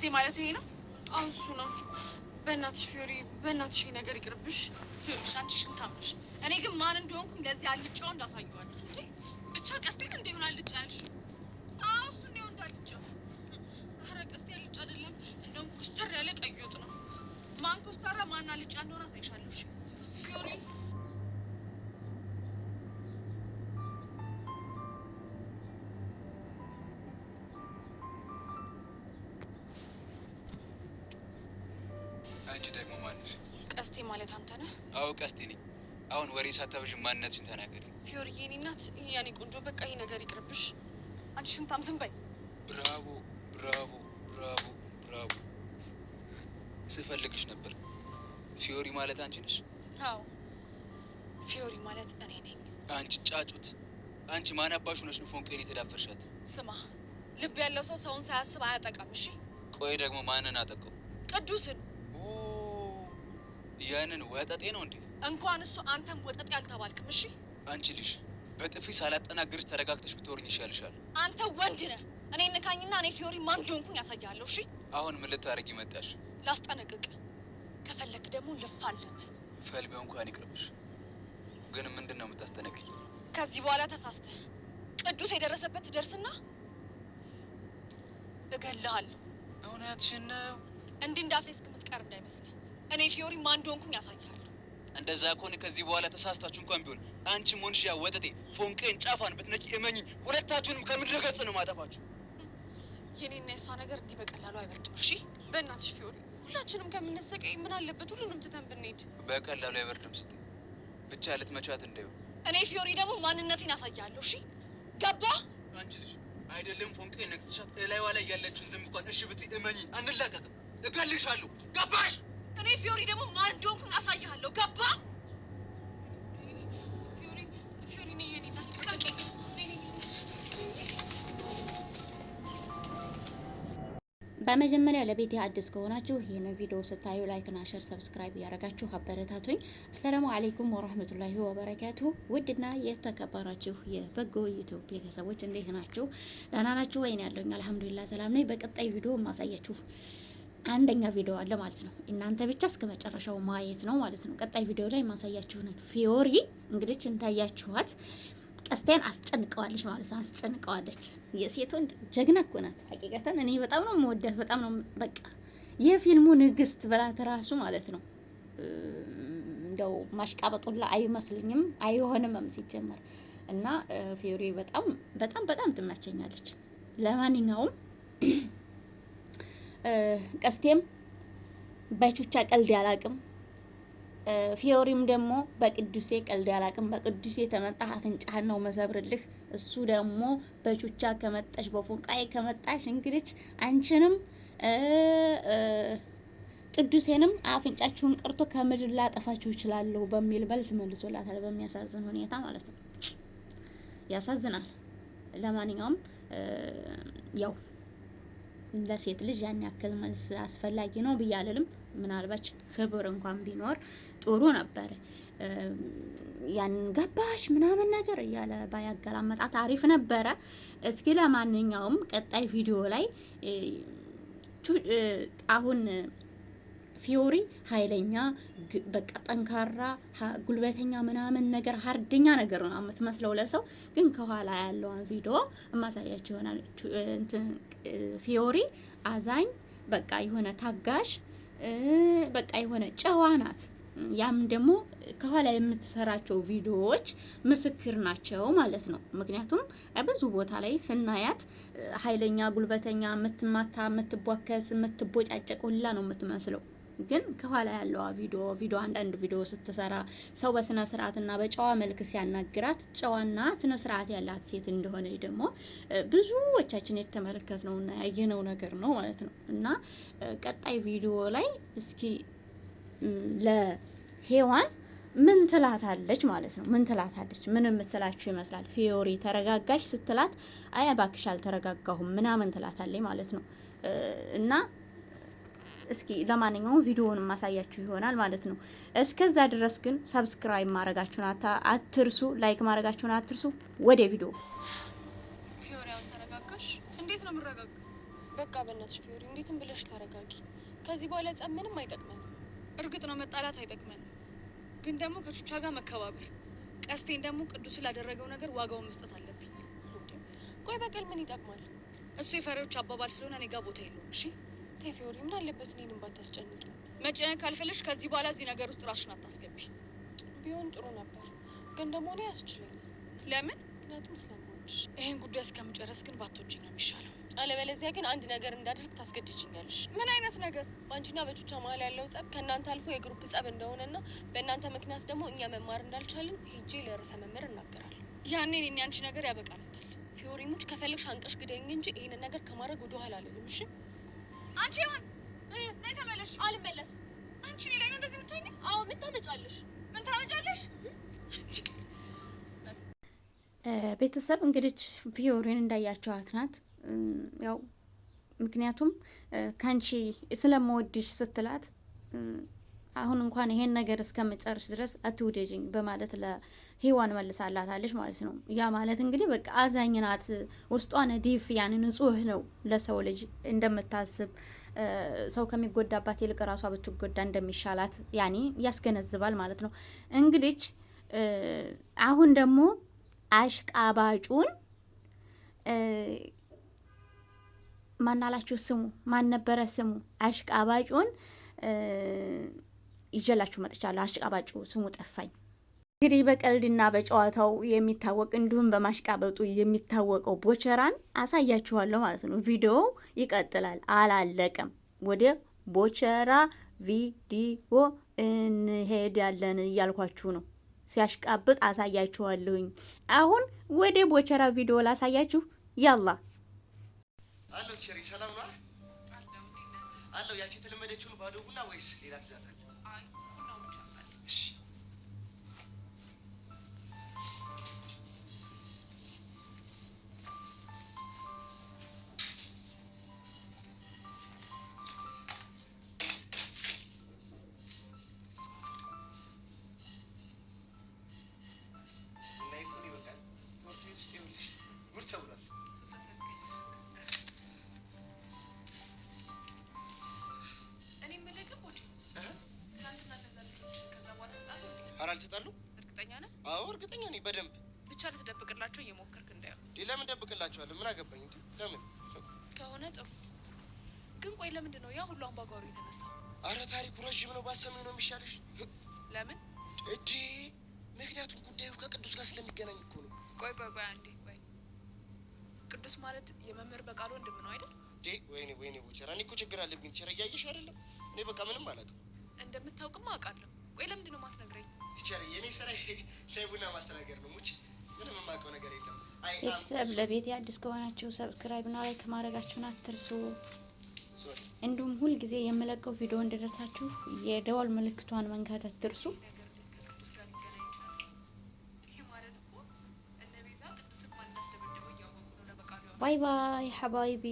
ሚስቴ ማለት ይሄ ነው። አሁን እሱ ነው። በእናትሽ ፊዮሪ፣ በእናትሽ ይሄ ነገር ይቅርብሽ። ፊዮሪሽ፣ አንቺ ሽንታምሽ። እኔ ግን ማን እንደሆንኩም ለዚህ አልጫው እንዳሳየዋል። ብቻ ቀስቴን እንዲሆን አልጫ አንቺ ደግሞ ማንሽ? ቀስቴ ማለት አንተ ነህ? አዎ ቀስቴ ነኝ። አሁን ወሬ ሳታብዥ ማንነትሽን ተናገሪ። ፊዮርዬ፣ የኔ እናት፣ የኔ ቆንጆ፣ በቃ ይህ ነገር ይቅርብሽ። አንቺ ሽንታም ዝም በይ። ብራቮ፣ ብራቮ፣ ብራቮ፣ ብራቮ። ስፈልግሽ ነበር። ፊዮሪ ማለት አንቺ ነሽ? አዎ ፊዮሪ ማለት እኔ ነኝ። አንቺ ጫጩት፣ አንቺ ማን አባሽ ሆነሽ ነው ፎንቄን የተዳፈርሻት? ስማ፣ ልብ ያለው ሰው ሰውን ሳያስብ አያጠቃም። እሺ። ቆይ ደግሞ ማንን አጠቀው? ቅዱስን ያንን ወጠጤ ነው እንዴ? እንኳን እሱ አንተም ወጠጤ አልተባልክም። እሺ አንቺ ልጅ በጥፊ ሳላጠናግርሽ ተረጋግተሽ ብትወርኝ ይሻልሻል። አንተ ወንድ ነህ። እኔ እንካኝና እኔ ፊዮሪ ማን እንደሆንኩኝ ያሳያለሁ። እሺ አሁን ምን ልታረጊ መጣሽ? ላስጠነቅቅ ከፈለክ ደግሞ ልፋለም። ፈልቢው እንኳን ይቅርብሽ። ግን ምንድን ነው የምታስጠነቅኝ? ከዚህ በኋላ ተሳስተ ቅዱስ የደረሰበት ትደርስና እገልሃለሁ። እውነትሽን ነው እንዲህ እንዳፌ እኔ ፊዮሪ ማን እንደሆንኩኝ ያሳያል። እንደዛ ከሆነ ከዚህ በኋላ ተሳስታችሁ እንኳን ቢሆን አንቺ ሞንሽ ያ ወጠጤ ፎንቄን ጫፋን ብትነቂ እመኝኝ፣ ሁለታችሁንም ከምድረ ገጽ ነው ማጠፋችሁ። የኔና የሷ ነገር እንዲህ በቀላሉ አይበርድም። እሺ በእናትሽ ፊዮሪ፣ ሁላችንም ከምንሰቀይ ምን አለበት ሁሉንም ትተን ብንሄድ። በቀላሉ አይበርድም ስትይ ብቻ ልትመቻት እንደዩ። እኔ ፊዮሪ ደግሞ ማንነቴን አሳያለሁ። እሺ ገባ አንቺ ልጅ አይደለም ፎንቄ ነቅትሻት እላይዋ ላይ ያለችውን ዝም እንኳን እሺ ብትይ እመኝኝ፣ አንላቀቅም፣ እገልሻለሁ። ገባሽ? እኔ ፊዮሪ ደግሞ ማን እንደሆንኩኝ አሳይሃለሁ። ገባ? በመጀመሪያ ለቤት አዲስ ከሆናችሁ ይህንን ቪዲዮ ስታዩ ላይክና ሸር ሰብስክራይብ እያደረጋችሁ አበረታቱኝ። አሰላሙ አሌይኩም ወረህመቱላሂ ወበረካቱ። ውድና የተከበራችሁ የበጎ ዩቱብ ቤተሰቦች እንዴት ናችሁ? ደህና ናችሁ ወይን? ያለኝ አልሐምዱሊላ ሰላም ነኝ። በቀጣይ ቪዲዮ ማሳያችሁ አንደኛ ቪዲዮ አለ ማለት ነው። እናንተ ብቻ እስከ መጨረሻው ማየት ነው ማለት ነው። ቀጣይ ቪዲዮ ላይ ማሳያችሁ ፊዮሪ እንግዲህ እንዳያችኋት ቀስቴን አስጨንቀዋለች ማለት ነው። አስጨንቀዋለች። የሴት ወንድ ጀግና እኮ ናት። ሀቂቀተን እኔ በጣም ነው የምወዳት። በጣም ነው በቃ የፊልሙ ንግስት ብላት ራሱ ማለት ነው። እንደው ማሽቃበጡላ አይመስልኝም፣ አይሆንምም ሲጀመር እና ፊዮሪ በጣም በጣም በጣም ትመቸኛለች። ለማንኛውም ቀስቴም በቹቻ ቀልድ ያላቅም። ፊዮሪም ደግሞ በቅዱሴ ቀልድ ያላቅም። በቅዱሴ ተመጣ አፍንጫህን ነው መሰብርልህ። እሱ ደግሞ በቹቻ ከመጣሽ በፎንቃይ ከመጣሽ እንግዲህ አንቺንም ቅዱሴንም አፍንጫችሁን ቀርቶ ከምድር ላጠፋችሁ እችላለሁ በሚል መልስ መልሶላታል። በሚያሳዝን ሁኔታ ማለት ነው። ያሳዝናል። ለማንኛውም ያው ለሴት ልጅ ያን ያክል መልስ አስፈላጊ ነው ብያለልም። ምናልባች ክብር እንኳን ቢኖር ጥሩ ነበር። ያን ገባሽ ምናምን ነገር እያለ ባያገላመጣት አሪፍ ነበረ። እስኪ ለማንኛውም ቀጣይ ቪዲዮ ላይ አሁን ፊዮሪ ኃይለኛ በቃ ጠንካራ ጉልበተኛ ምናምን ነገር ሀርደኛ ነገር ነው የምትመስለው ለሰው ግን ከኋላ ያለውን ቪዲዮ እማሳያቸው ይሆናል። ፊዮሪ አዛኝ በቃ የሆነ ታጋሽ በቃ የሆነ ጨዋ ናት። ያም ደግሞ ከኋላ የምትሰራቸው ቪዲዮዎች ምስክር ናቸው ማለት ነው። ምክንያቱም ብዙ ቦታ ላይ ስናያት ኃይለኛ ጉልበተኛ፣ የምትማታ፣ የምትቧከስ፣ የምትቦጫጨቅ ሁላ ነው የምትመስለው። ግን ከኋላ ያለዋ ቪዲዮ ቪዲዮ አንዳንድ ቪዲዮ ስትሰራ ሰው በስነ ስርዓትና በጨዋ መልክ ሲያናግራት ጨዋና ስነ ስርዓት ያላት ሴት እንደሆነ ደግሞ ብዙዎቻችን የተመለከትነውና ያየነው ነገር ነው ማለት ነው እና ቀጣይ ቪዲዮ ላይ እስኪ ለሄዋን ምን ትላታለች ማለት ነው? ምን ትላታለች? ምን የምትላችሁ ይመስላል? ፊዮሪ ተረጋጋሽ ስትላት፣ አይ እባክሽ አልተረጋጋሁም ምናምን ትላታለች ማለት ነው እና እስኪ ለማንኛውም ቪዲዮውን ማሳያችሁ ይሆናል ማለት ነው። እስከዛ ድረስ ግን ሰብስክራይብ ማድረጋችሁን አትርሱ፣ ላይክ ማድረጋችሁን አትርሱ። ወደ ቪዲዮ እንዴት ነው የምረጋጋው? በቃ በእናትሽ ፊዮሪ እንዴትም ብለሽ ታረጋጊ። ከዚህ በኋላ ጸብ ምንም አይጠቅመንም። እርግጥ ነው መጣላት አይጠቅመንም፣ ግን ደግሞ ከቹቻ ጋር መከባበር፣ ቀስቴን ደግሞ ቅዱስ ላደረገው ነገር ዋጋውን መስጠት አለብኝ። ቆይ በቀል ምን ይጠቅማል? እሱ የፈሪዎች አባባል ስለሆነ እኔ ጋር ቦታ የለውም። እሺ ተይ ፊዮሪ፣ ምን አለበት እኔንም ባታስጨንቂ። መጨነቅ ካልፈለሽ ከዚህ በኋላ እዚህ ነገር ውስጥ ራሽን አታስገቢ። ቢሆን ጥሩ ነበር፣ ግን ደግሞ እኔ አያስችለኝ። ለምን? ምክንያቱም ስለምወድሽ። ይህን ጉዳይ እስከምጨረስ ግን ባትወጪ ነው የሚሻለው። አለበለዚያ ግን አንድ ነገር እንዳደርግ ታስገድጅኛለሽ። ምን አይነት ነገር? በአንቺና በቹቻ መሀል ያለው ጸብ ከእናንተ አልፎ የግሩፕ ጸብ እንደሆነና በእናንተ ምክንያት ደግሞ እኛ መማር እንዳልቻልን ሄጄ ለርዕሰ መምህር እናገራለሁ። ያኔ እኔ አንቺ ነገር ያበቃለታል። ፊዮሪ ሙች፣ ከፈለግሽ አንቀሽ ግደኝ እንጂ ይህንን ነገር ከማድረግ ወደኋላ አልልም። እሺ አንቺ ይሆን ነይ ተመለሽ። አንቺ እኔ ላይ ነው እንደዚህ የምትሆኝ? አዎ ምን ታመጫለሽ? ምን ታመጫለሽ? ቤተሰብ እንግዲህ ፊዮሪን እንዳያቸዋት ናት ያው ምክንያቱም ከአንቺ ስለመወድሽ ስትላት አሁን እንኳን ይሄን ነገር እስከምጨርስ ድረስ አትውደጅኝ በማለት ለሔዋን መልሳላታለች ማለት ነው። ያ ማለት እንግዲህ በቃ አዛኝ ናት፣ ውስጧ ነዲፍ ያን ንጹህ ነው። ለሰው ልጅ እንደምታስብ ሰው ከሚጎዳባት ይልቅ ራሷ ብትጎዳ እንደሚሻላት ያኔ ያስገነዝባል ማለት ነው። እንግዲች አሁን ደግሞ አሽቃባጩን ማናላችሁ ስሙ ማን ነበረ ስሙ አሽቃባጩን ይዤላችሁ መጥቻለሁ። አሽቃባጩ ስሙ ጠፋኝ። እንግዲህ በቀልድና በጨዋታው የሚታወቅ እንዲሁም በማሽቃበጡ የሚታወቀው ቦቸራን አሳያችኋለሁ ማለት ነው። ቪዲዮ ይቀጥላል፣ አላለቀም። ወደ ቦቸራ ቪዲዮ እንሄዳለን እያልኳችሁ ነው። ሲያሽቃብጥ አሳያችኋለሁኝ። አሁን ወደ ቦቸራ ቪዲዮ ላሳያችሁ። ያላ አለው ሸሪ ሰላም ነው ያቺ የተለመደችውን ባዶ ቡና ወይስ ሌላ ትእዛዛል በደንብ ብቻ ልትደብቅላቸው እየሞከርክ እንዳይሆን። ለምን ደብቅላቸዋለሁ? ምን አገባኝ? እንዲ ለምን ከሆነ ጥሩ ግን፣ ቆይ ለምንድን ነው ያ ሁሉ አምባጓሮ የተነሳ? አረ ታሪኩ ረዥም ነው። ባሰሚው ነው የሚሻልሽ። ለምን እዲ? ምክንያቱም ጉዳዩ ከቅዱስ ጋር ስለሚገናኝ እኮ ነው። ቆይ ቆይ ቆይ አንዴ ቆይ፣ ቅዱስ ማለት የመምህር በቃሉ ወንድም ነው አይደል? እንዴ ወይኔ ወይኔ፣ ቦቸራ፣ እኔ እኮ ችግር አለብኝ። ቸራ እያየሽ አይደለም? እኔ በቃ ምንም አላውቅም። እንደምታውቅማ አውቃለሁ። ቆይ ለምንድን ነው ማትነግረኝ? ቲቸር፣ የኔ ስራ ሻይ ቡና ማስተናገድ ነው። ሙች ምንም የማውቀው ነገር የለም። ቤተሰብ ለቤት አዲስ ከሆናችሁ ሰብስክራይብ ና ላይክ ማድረጋችሁን አትርሱ። እንዲሁም የምለቀው ቪዲዮ እንደደረሳችሁ የደወል ምልክቷን መንካት አትርሱ። ባይ ባይ ሀባይቢ